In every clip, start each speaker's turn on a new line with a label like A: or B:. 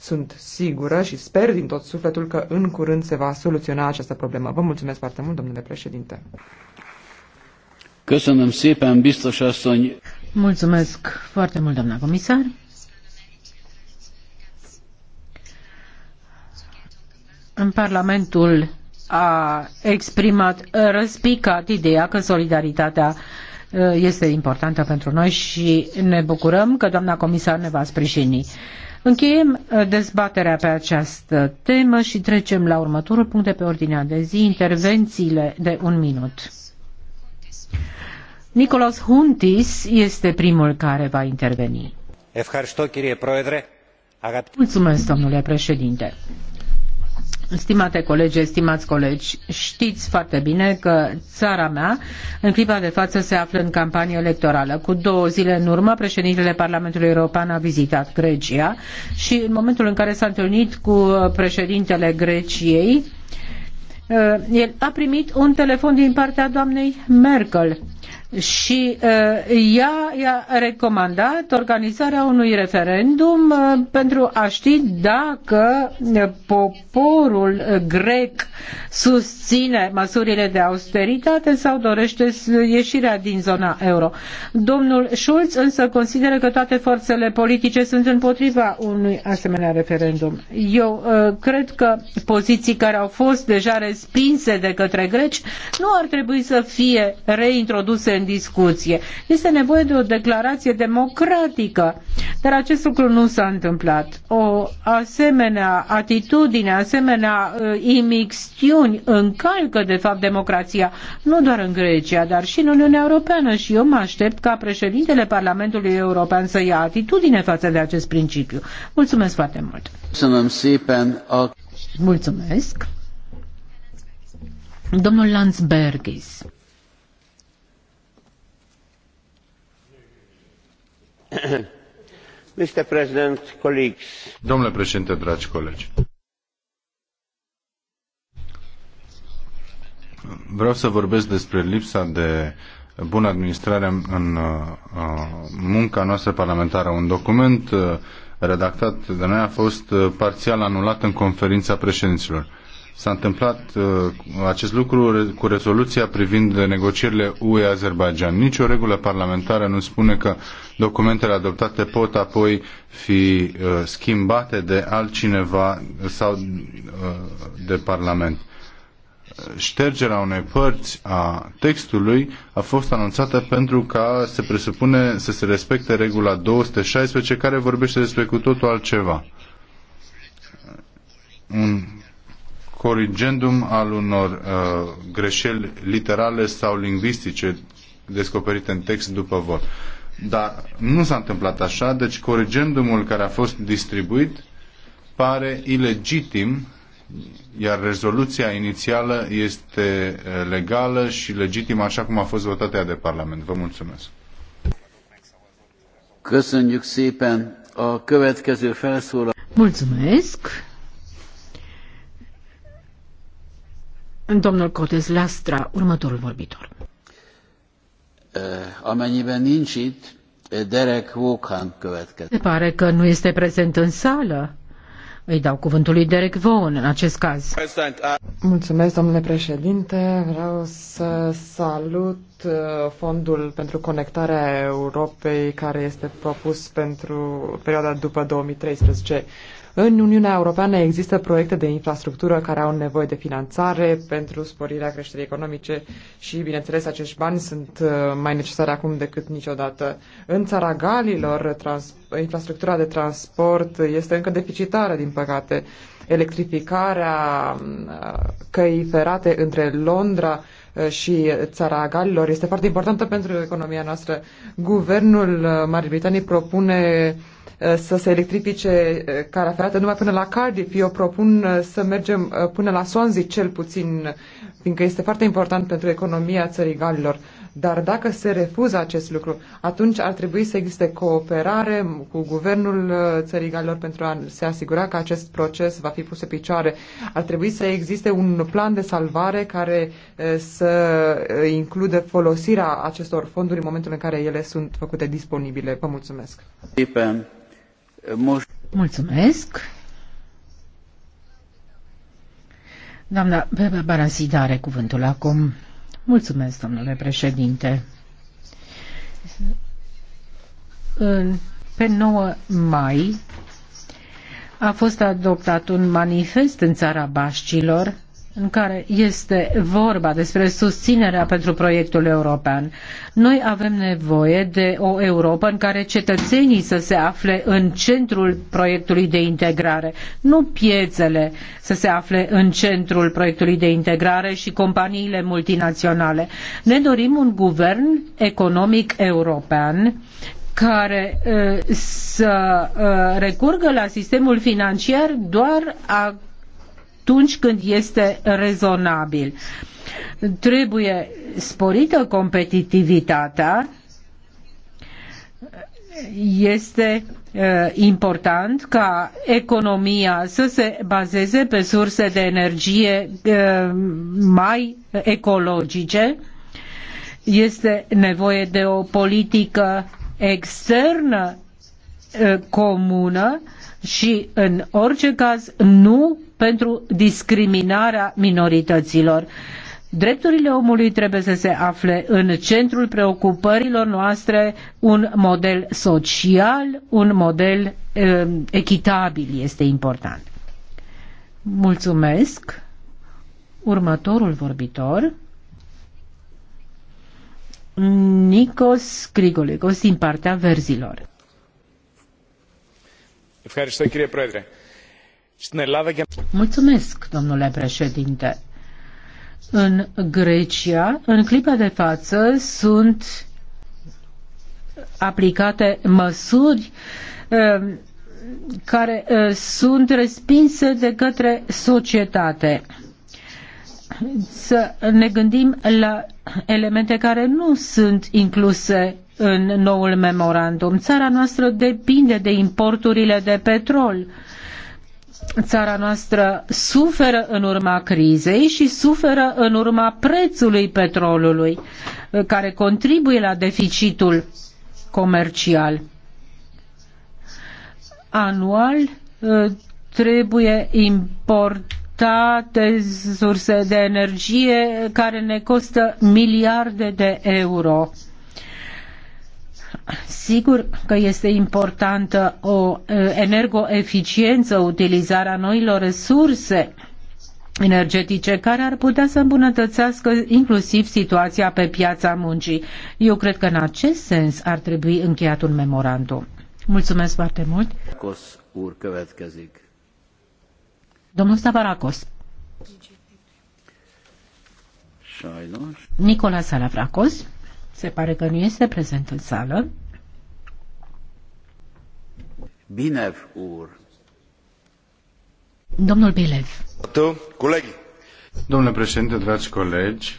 A: Sunt sigură și sper din tot sufletul că în curând se va soluționa această problemă. Vă mulțumesc foarte mult, domnule președinte. Mulțumesc foarte mult, doamna comisar.
B: În Parlamentul a exprimat răspicat ideea că solidaritatea uh, este importantă pentru noi și ne bucurăm că doamna comisar ne va sprijini. Încheiem uh, dezbaterea pe această temă și trecem la următorul punct de pe ordinea de zi, intervențiile de un minut. Nicolas Huntis este primul care va interveni. Mulțumesc, domnule președinte. Stimate colegi, stimați colegi, știți foarte bine că țara mea în clipa de față se află în campanie electorală. Cu două zile în urmă, președintele Parlamentului European a vizitat Grecia și în momentul în care s-a întâlnit cu președintele Greciei, eh, el a primit un telefon din partea doamnei Merkel și uh, ea i-a recomandat organizarea unui referendum uh, pentru a ști dacă uh, poporul grec susține măsurile de austeritate sau dorește ieșirea din zona euro. Domnul Schulz însă consideră că toate forțele politice sunt împotriva unui asemenea referendum. Eu cred că poziții care au fost deja respinse de către greci nu ar trebui să fie reintroduse în discuție. Este nevoie de o declarație democratică, dar acest lucru nu s-a întâmplat. O asemenea atitudine, asemenea uh, imixtiuni încalcă de fapt democrația, nu doar în Grecia, dar și în Uniunea Europeană și eu mă aștept ca președintele Parlamentului European să ia atitudine față de acest principiu. Mulțumesc foarte mult! Mulțumesc! Domnul Landsbergis.
C: Domnule președinte, dragi colegi, vreau să vorbesc despre lipsa de bună administrare în uh, munca noastră parlamentară. Un document uh, redactat de noi a fost uh, parțial anulat în conferința președinților S-a întâmplat uh, acest lucru cu rezoluția privind negocierile UE-Azerbaijan. Nici o regulă parlamentară nu spune că documentele adoptate pot apoi fi uh, schimbate de altcineva sau uh, de Parlament. Ștergerea unei părți a textului a fost anunțată pentru ca se presupune să se respecte regula 216 care vorbește despre cu totul altceva. Un corrigendum al unor uh, greșeli literale sau lingvistice descoperite în text după vot. Dar nu s-a întâmplat așa, deci corrigendumul care a fost distribuit pare ilegitim, iar rezoluția inițială este uh, legală și legitimă așa cum a fost votată ea de Parlament. Vă mulțumesc.
B: Mulțumesc. Domnul Cotez Lastra, următorul vorbitor.
D: Eh, amennyiben nincs itt, eh, Derek Vaughan következik. Se
B: pare că nu este prezent în sală. Îi dau cuvântul lui Derek Vaughan în acest caz. Uh, Mulțumesc, domnule
A: președinte. Vreau să salut uh, fondul pentru conectarea Europei care este propus pentru perioada după 2013. În Uniunea Europeană există proiecte de infrastructură care au nevoie de finanțare pentru sporirea creșterii economice și, bineînțeles, acești bani sunt uh, mai necesari acum decât niciodată. În țara Galilor, trans- infrastructura de transport este încă deficitară, din păcate. Electrificarea uh, căi ferate între Londra Eh, și țara Galilor este foarte importantă pentru economia noastră. Guvernul eh, Marii Britanii propune eh, să se electrifice calea ferată numai până la Cardiff. Eu propun să mergem până la Swansea cel puțin, fiindcă este foarte important pentru economia țării Galilor. Dar dacă se refuză acest lucru, atunci ar trebui să existe cooperare cu guvernul uh, țării Galilor pentru a se asigura că acest proces va fi pus pe picioare. Ar trebui să existe un plan de salvare care uh, să uh, includă folosirea acestor fonduri în momentul în care ele sunt făcute disponibile. Vă mulțumesc! Mulțumesc! Doamna Bebe Barasida are
B: cuvântul acum. Mulțumesc, domnule președinte. Pe 9 mai a fost adoptat un manifest în țara Bașcilor în care este vorba despre susținerea pentru proiectul european. Noi avem nevoie de o Europă în care cetățenii să se afle în centrul proiectului de integrare, nu piețele să se afle în centrul proiectului de integrare și companiile multinaționale. Ne dorim un guvern economic european care uh, să uh, recurgă la sistemul financiar doar a atunci când este rezonabil. Trebuie sporită competitivitatea, este important ca economia să se bazeze pe surse de energie mai ecologice. Este nevoie de o politică externă comună și în orice caz nu pentru discriminarea minorităților. Drepturile omului trebuie să se afle în centrul preocupărilor noastre, un model social, un model echitabil este important. Mulțumesc. Următorul vorbitor, Nikos Grigolikos, din partea verzilor. Mulțumesc, domnule președinte. În Grecia, în clipa de față, sunt aplicate măsuri ehm, care ehm, sunt respinse de către societate. Să ne gândim la elemente care nu sunt incluse în noul memorandum. Țara noastră depinde de importurile de petrol. Țara noastră suferă în urma crizei și suferă în urma prețului petrolului, care contribuie la deficitul comercial. Anual trebuie importate surse de energie care ne costă miliarde de euro Sigur că este importantă o energoeficiență, utilizarea noilor resurse energetice care ar putea să îmbunătățească inclusiv situația pe piața muncii. Eu cred că în acest sens ar trebui încheiat un memorandum. Mulțumesc foarte mult. Domnul Stavaracos. Nicola Salavracos se pare că nu este prezent în sală. Domnule
C: președinte, dragi colegi,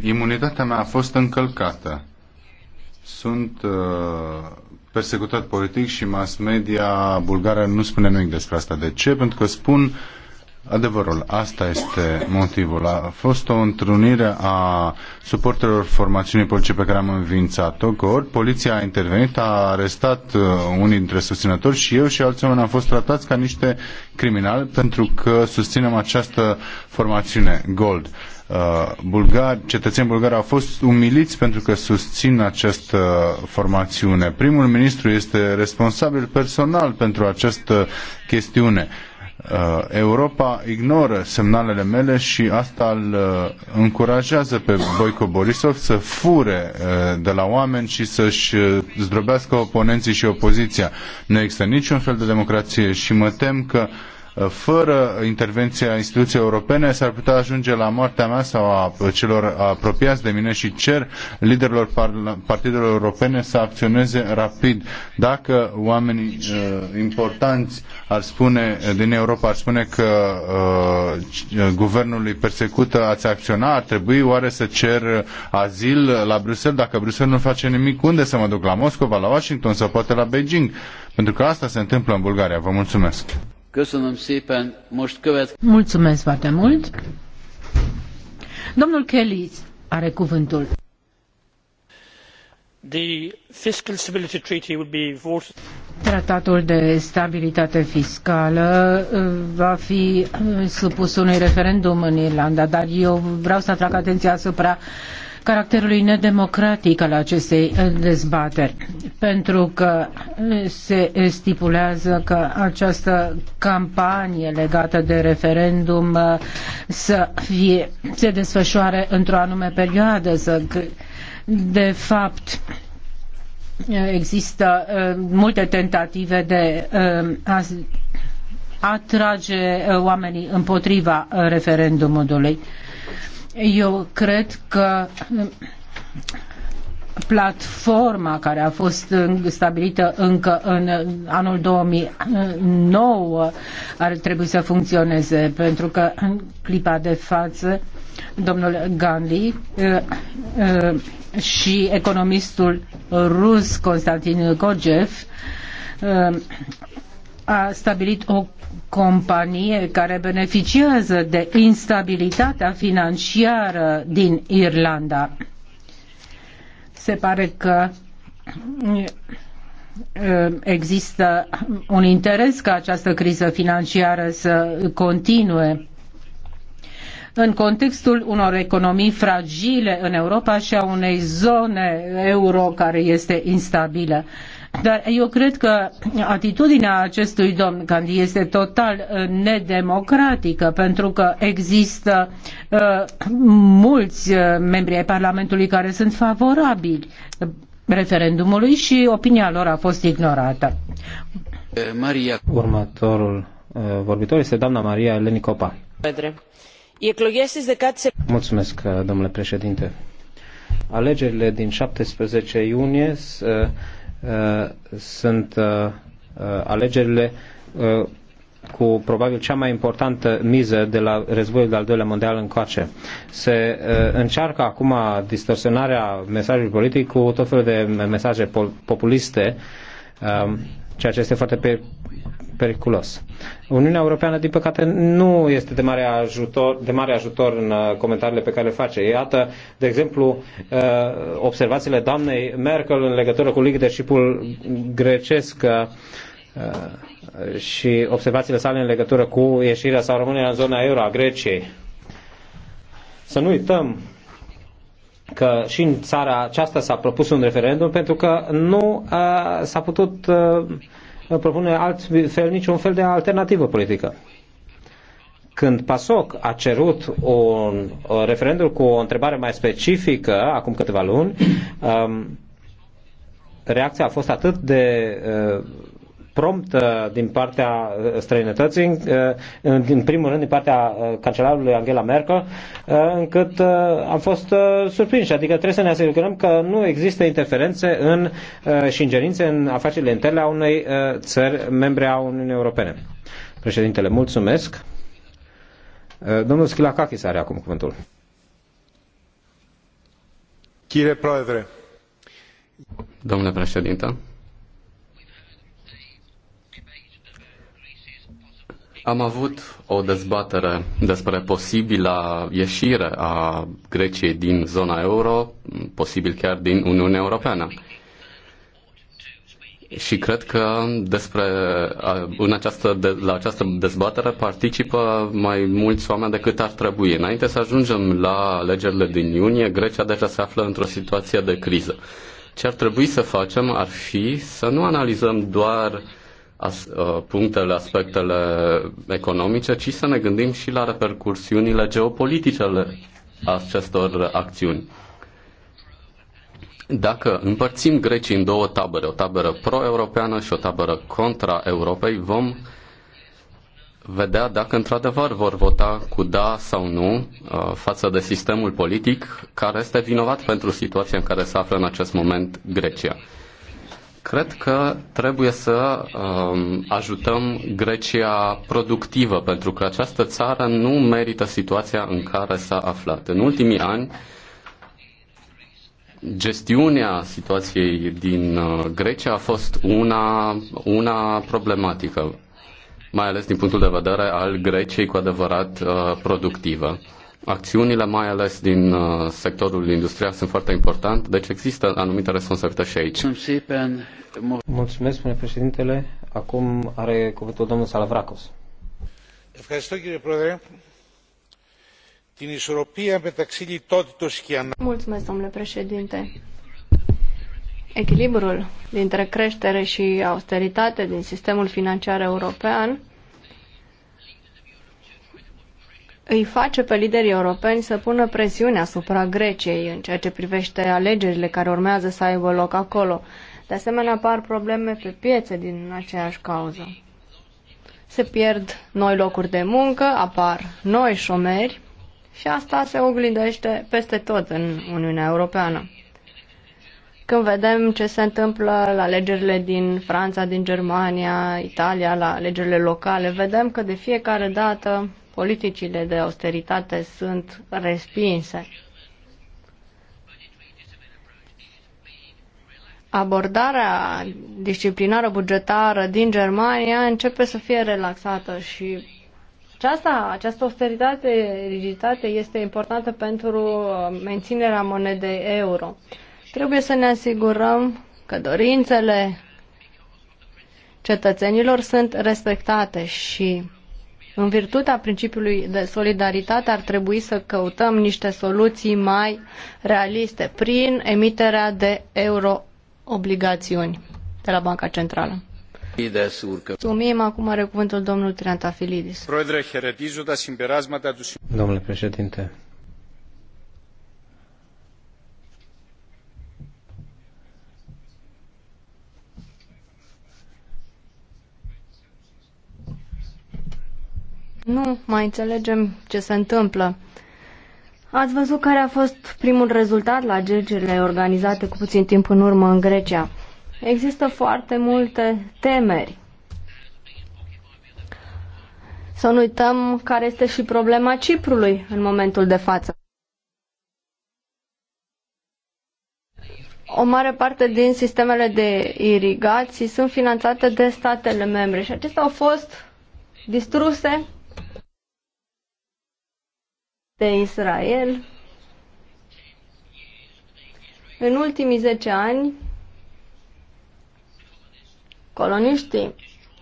C: imunitatea mea a fost încălcată. Sunt uh, persecutat politic și mass media bulgară nu spune nimic despre asta. De ce? Pentru că spun adevărul. Asta este motivul. A fost o întrunire a suporterilor formațiunii politice pe care am învințat o ori poliția a intervenit, a arestat uh, unii dintre susținători și eu și alți oameni am fost tratați ca niște criminali pentru că susținem această formațiune, Gold. Uh, bulgari, cetățenii bulgari au fost umiliți pentru că susțin această formațiune. Primul ministru este responsabil personal pentru această chestiune. Uh, Uh, Europa ignoră semnalele mele și asta îl uh, încurajează pe Boico Borisov să fure uh, de la oameni și să-și zdrobească oponenții și opoziția. Nu există niciun fel de democrație și mă tem că uh, fără intervenția instituției europene s-ar putea ajunge la moartea mea sau a celor apropiați de mine și cer liderilor partidelor europene să acționeze rapid. Dacă oamenii uh, importanți ar spune, din Europa ar spune că uh, guvernul îi persecută, ați acționa, ar trebui oare să cer azil la Bruxelles? Dacă Bruxelles nu face nimic, unde să mă duc? La Moscova, la Washington sau poate la Beijing? Pentru că asta se întâmplă în Bulgaria. Vă mulțumesc!
B: Mulțumesc foarte mult. Domnul Kelly are cuvântul.
E: The fiscal stability treaty will be voted.
B: Tratatul de stabilitate fiscală uh, va fi uh, supus unui referendum în Irlanda, dar eu vreau să atrag atenția asupra uh, caracterului nedemocratic al acestei uh, dezbateri, pentru că uh, se stipulează că această campanie legată de referendum uh, să fie, se desfășoare într-o anume perioadă, să, de fapt, există multe tentative de a atrage oamenii împotriva referendumului. Eu cred că um, platforma care a fost um, stabilită încă în anul 2009 ar trebui să funcționeze, pentru că în clipa de față domnul Gandhi uh, uh, și economistul rus Constantin Kojev uh, a stabilit o companie care beneficiază de instabilitatea financiară din Irlanda. Se pare că uh, există un interes ca această criză financiară să continue în contextul unor economii fragile în Europa și a unei zone euro care este instabilă. Dar eu cred că atitudinea acestui domn Gandhi este total uh, nedemocratică, pentru că există uh, mulți uh, membri ai Parlamentului care sunt favorabili referendumului și opinia lor a fost ignorată.
F: Maria. Următorul uh, vorbitor este doamna Maria Lenicopa. Mulțumesc, uh, domnule președinte. Alegerile din 17 iunie uh, Uh, sunt uh, uh, alegerile cu probabil cea mai importantă miză de la războiul de al doilea mondial încoace. Se uh, încearcă acum distorsionarea mesajului politic cu tot felul de mesaje populiste, uh, ceea ce este foarte pe periculos. Uniunea Europeană, din păcate, nu este de mare ajutor, de mare ajutor în uh, comentariile pe care le face. Iată, de exemplu, uh, observațiile doamnei Merkel în legătură cu leadership-ul grecesc uh, și observațiile sale în legătură cu ieșirea sau rămânerea în zona euro a Greciei. Să nu uităm că și în țara aceasta s-a propus un referendum pentru că nu s-a putut propune alt fel, niciun fel de alternativă politică. Când PASOK a cerut un uh, referendum cu o întrebare mai specifică, acum câteva luni, um, reacția a fost atât de uh, prompt uh, din partea uh, străinătății, uh, în primul rând din partea cancelarului Angela Merkel, încât am fost surprinși. Adică trebuie să ne asigurăm că nu există interferențe în, și ingerințe în afacerile interne a unei țări membre a Uniunii Europene. Președintele, mulțumesc. Domnul Schilakakis are acum cuvântul.
C: Chire Proedre.
G: Domnule președinte, Am avut o dezbatere despre posibila ieșire a Greciei din zona euro, posibil chiar din Uniunea Europeană. Și cred că despre, în această, de, la această dezbatere participă mai mulți oameni decât ar trebui. Înainte să ajungem la alegerile din iunie, Grecia deja se află într-o situație de criză. Ce ar trebui să facem ar fi să nu analizăm doar uh, as, uh, punctele, aspectele economice, ci să ne gândim și la repercursiunile geopolitice ale acestor acțiuni. Dacă împărțim Grecii în două tabere, o tabără pro-europeană și o tabără contra Europei, vom vedea dacă într-adevăr vor vota cu da sau nu uh, față de sistemul politic care este vinovat pentru situația în care se află în acest moment Grecia. Cred că trebuie să um, ajutăm Grecia productivă, pentru că această țară nu merită situația în care s-a aflat. În ultimii ani, gestiunea situației din uh, Grecia a fost una, una problematică, mai ales din punctul de vedere al Greciei cu adevărat uh, productivă acțiunile, mai ales din uh, sectorul industrial, sunt foarte importante, deci există anumite responsabilități și aici.
F: Mulțumesc, spune președintele. Acum are cuvântul domnul Salavracos.
H: Mulțumesc, domnule președinte. Echilibrul dintre creștere și austeritate din sistemul financiar european îi face pe liderii europeni să pună presiune asupra Greciei în ceea ce privește alegerile care urmează să aibă loc acolo. De asemenea, apar probleme pe piețe din aceeași cauză. Se pierd noi locuri de muncă, apar noi șomeri și asta se oglindește peste tot în Uniunea Europeană. Când vedem ce se întâmplă la alegerile din Franța, din Germania, Italia, la alegerile locale, vedem că de fiecare dată politicile de austeritate sunt respinse. Abordarea disciplinară bugetară din Germania începe să fie relaxată și aceasta, această austeritate, rigiditate este importantă pentru menținerea monedei euro. Trebuie să ne asigurăm că dorințele cetățenilor sunt respectate și în virtutea principiului de solidaritate ar trebui să căutăm niște soluții mai realiste prin emiterea de euroobligațiuni de la Banca Centrală. Sumim acum are cuvântul domnul Triantafilidis.
C: Domnule
F: președinte,
H: Nu mai înțelegem ce se întâmplă. Ați văzut care a fost primul rezultat la gergerile organizate cu puțin timp în urmă în Grecia. Există foarte multe temeri. Să nu uităm care este și problema Ciprului în momentul de față. O mare parte din sistemele de irigații sunt finanțate de statele membre și acestea au fost distruse de Israel. În ultimii 10 ani, coloniștii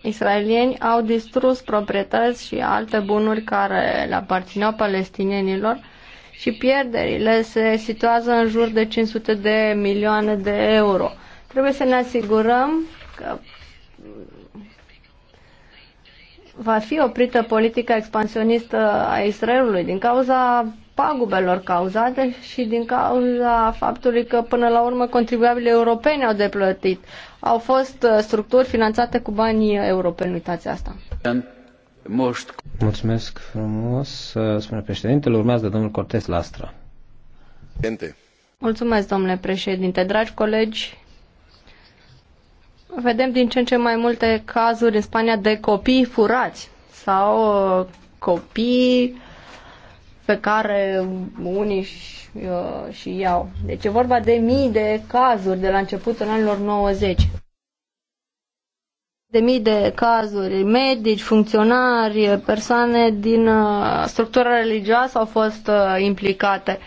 H: israelieni au distrus proprietăți și alte bunuri care le aparțineau palestinienilor și pierderile se situează în jur de 500 de milioane de euro. Trebuie să ne asigurăm că va fi oprită politica expansionistă a Israelului din cauza pagubelor cauzate și din cauza faptului că până la urmă contribuabile europene au deplătit. Au fost uh, structuri finanțate cu banii europeni, uitați asta.
F: Mulțumesc frumos, uh, spune președintele. Urmează domnul Cortes Lastra.
H: Mulțumesc, domnule președinte. Dragi colegi, vedem din ce în ce mai multe cazuri în Spania de copii furați sau uh, copii pe care unii și, uh, și iau. Deci e vorba de mii de cazuri de la începutul anilor 90. De mii de cazuri, medici, funcționari, persoane din uh, structura religioasă au fost implicate. Uh,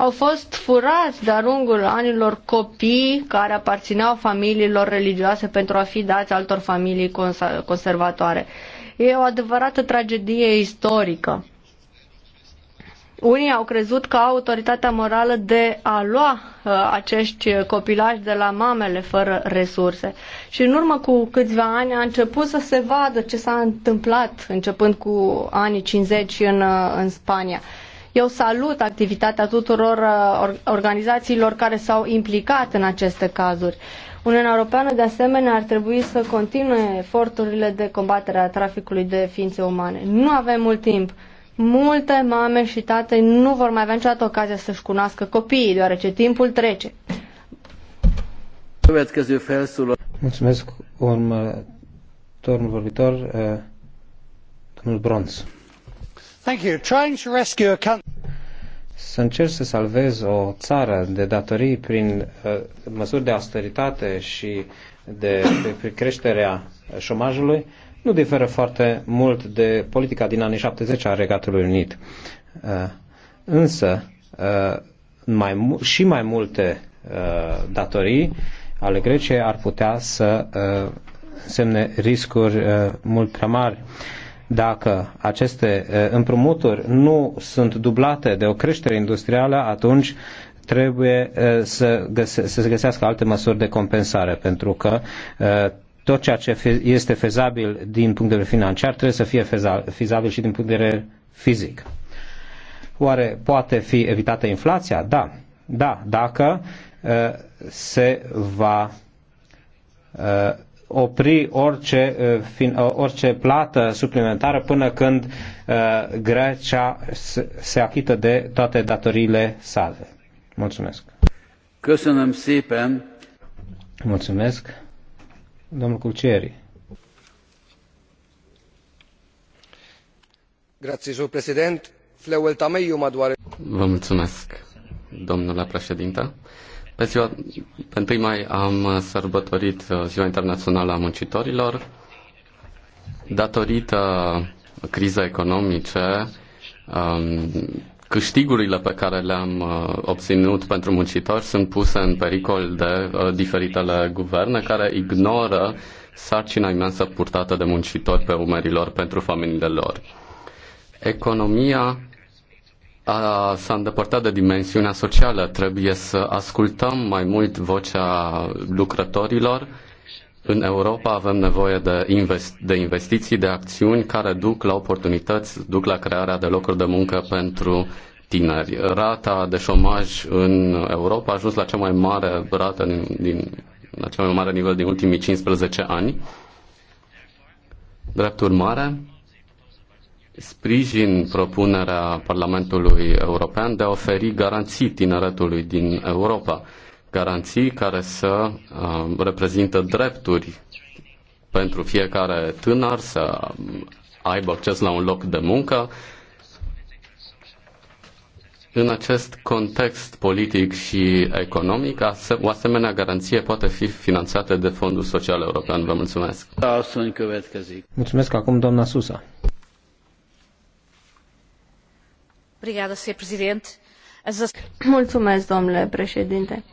H: au fost furați de-a lungul anilor copii care aparțineau familiilor religioase pentru a fi dați altor familii conservatoare. E o adevărată tragedie istorică. Unii au crezut că au autoritatea morală de a lua uh, acești copilași de la mamele fără resurse. Și în urmă cu câțiva ani a început să se vadă ce s-a întâmplat începând cu anii 50 în, uh, în Spania. Eu salut activitatea tuturor uh, organizațiilor care s-au implicat în aceste cazuri. Uniunea Europeană, de asemenea, ar trebui să continue eforturile de combatere a traficului de ființe umane. Nu avem mult timp. Multe mame și tate nu vor mai avea niciodată ocazia să-și cunoască copiii, deoarece timpul trece.
D: Mulțumesc. Următorul
F: vorbitor, uh, domnul Bronz. Să încerci să salvezi o țară de datorii prin uh, măsuri de austeritate și de, de creșterea șomajului nu diferă foarte mult de politica din anii 70 a Regatului Unit. Uh, însă, uh, mai, și mai multe uh, datorii ale Greciei ar putea să uh, semne riscuri uh, mult prea mari. Uh, dacă aceste împrumuturi nu sunt dublate de o creștere industrială, atunci trebuie să, găse, să se găsească alte măsuri de compensare, pentru că tot ceea ce este fezabil din punct de vedere financiar trebuie să fie fezabil și din punct de vedere fizic. Oare poate fi evitată inflația? Da. Da, dacă se va opri orice, uh, uh, orice plată suplimentară până când uh, Grecia se achită de toate datoriile sale. Mulțumesc.
D: Köszönöm szépen.
F: Mulțumesc. Domnul Culcieri.
A: Grazie, Joe President.
G: Vă mulțumesc, domnule președinte. Pe ziua, pe 1 mai am sărbătorit uh, Ziua Internațională a Muncitorilor. Datorită crizei economice, um, câștigurile pe care le-am uh, obținut pentru muncitori sunt puse în pericol de uh, diferitele guverne care ignoră sarcina imensă purtată de muncitori pe umerilor pentru familiile lor. Economia s-a îndepărtat de dimensiunea socială. Trebuie să ascultăm mai mult vocea lucrătorilor. În Europa avem nevoie de, invest- de investiții, de acțiuni care duc la oportunități, duc la crearea de locuri de muncă pentru tineri. Rata de șomaj în Europa a ajuns la cea mai mare rată din, din la cel mai mare nivel din ultimii 15 ani. Drept urmare, sprijin propunerea Parlamentului European de a oferi garanții tineretului din Europa, garanții care să uh, reprezintă drepturi pentru fiecare tânăr să aibă acces la un loc de muncă. În acest context politic și economic, o asemenea garanție poate fi finanțată de Fondul Social European. Vă mulțumesc.
F: Mulțumesc acum, doamna Susa.
H: Mulțumesc, domnule președinte.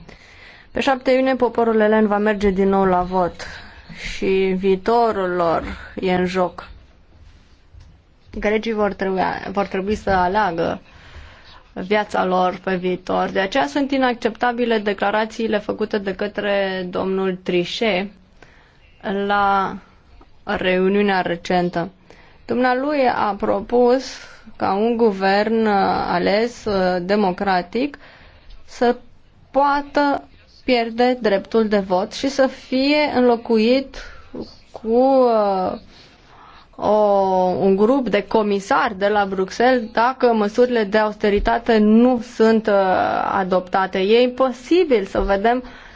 H: Pe șapte iunie poporul elen va merge din nou la vot și viitorul lor e în joc. Grecii vor, trebuia, vor trebui să aleagă viața lor pe viitor. De aceea sunt inacceptabile declarațiile făcute de către domnul Trichet la reuniunea recentă. Dumnealui a propus ca un guvern uh, ales uh, democratic să poată pierde dreptul de vot și să fie înlocuit cu uh, o, un grup de comisari de la Bruxelles dacă măsurile de austeritate nu sunt adoptate. E imposibil să vedem uh,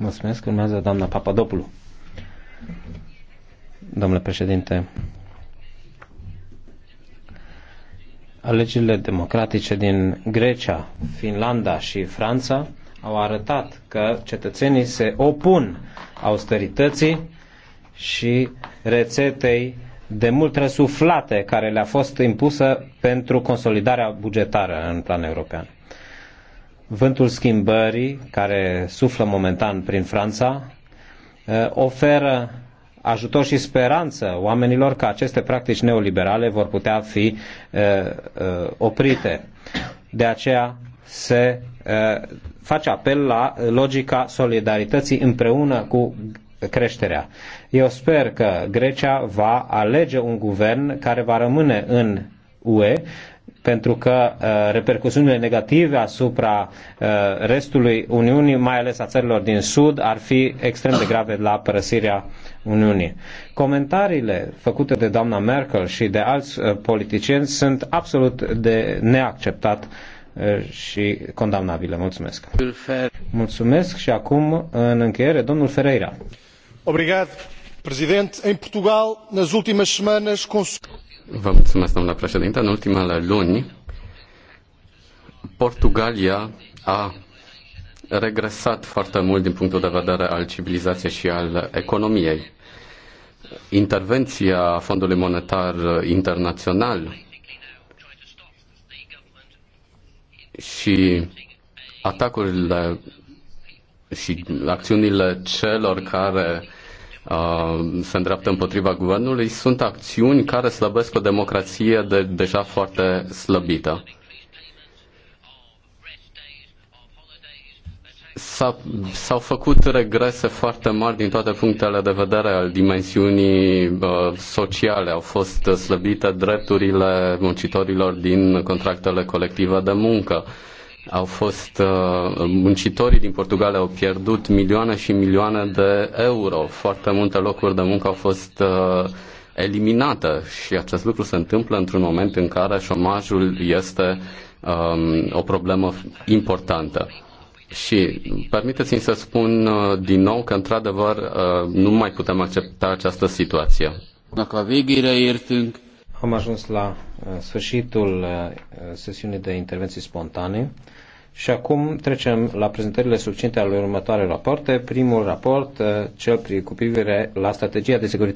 F: Mulțumesc. Urmează doamna Papadopoulou. Domnule președinte, alegerile democratice din Grecia, Finlanda și Franța au arătat că cetățenii se opun austerității și rețetei de mult răsuflate care le-a fost impusă pentru consolidarea bugetară în plan european. Vântul schimbării, care suflă momentan prin Franța, eh, oferă ajutor și speranță oamenilor că aceste practici neoliberale vor putea fi eh, eh, oprite. De aceea se face apel la logica solidarității împreună cu creșterea. Eu sper că Grecia va alege un guvern care va rămâne în UE pentru că uh, repercusiunile negative asupra uh, restului Uniunii, mai ales a țărilor din Sud, ar fi extrem de grave la părăsirea Uniunii. Comentariile făcute de doamna Merkel și de alți uh, politicieni sunt absolut de neacceptat și condamnabile. Mulțumesc. Mulțumesc și acum, în încheiere, domnul Ferreira.
E: Obrigat, prezident. În Portugal, nas últimas semanas,
G: Vă mulțumesc, domnule președinte. În ultimele luni, Portugalia a regresat foarte mult din punctul de vedere al civilizației și al economiei. Intervenția Fondului Monetar Internațional și atacurile și acțiunile celor care Uh, se îndreaptă împotriva guvernului sunt acțiuni care slăbesc o democrație de, deja foarte slăbită. S-au făcut regrese foarte mari din toate punctele de vedere al dimensiunii uh, sociale. Au fost slăbite drepturile muncitorilor din contractele colective de muncă. Uh, au fost uh, muncitorii din Portugalia au pierdut milioane și milioane de euro. Foarte multe locuri de muncă au fost uh, eliminate și acest lucru se întâmplă într-un moment în care șomajul este um, o problemă importantă. Și permiteți-mi să spun uh, din nou că, într-adevăr, uh, nu mai putem accepta această situație.
F: Dacă am ajuns la uh, sfârșitul uh, sesiunii de intervenții spontane și acum trecem la prezentările succinte ale următoarelor rapoarte. Primul raport, uh, cel cu privire la strategia de securitate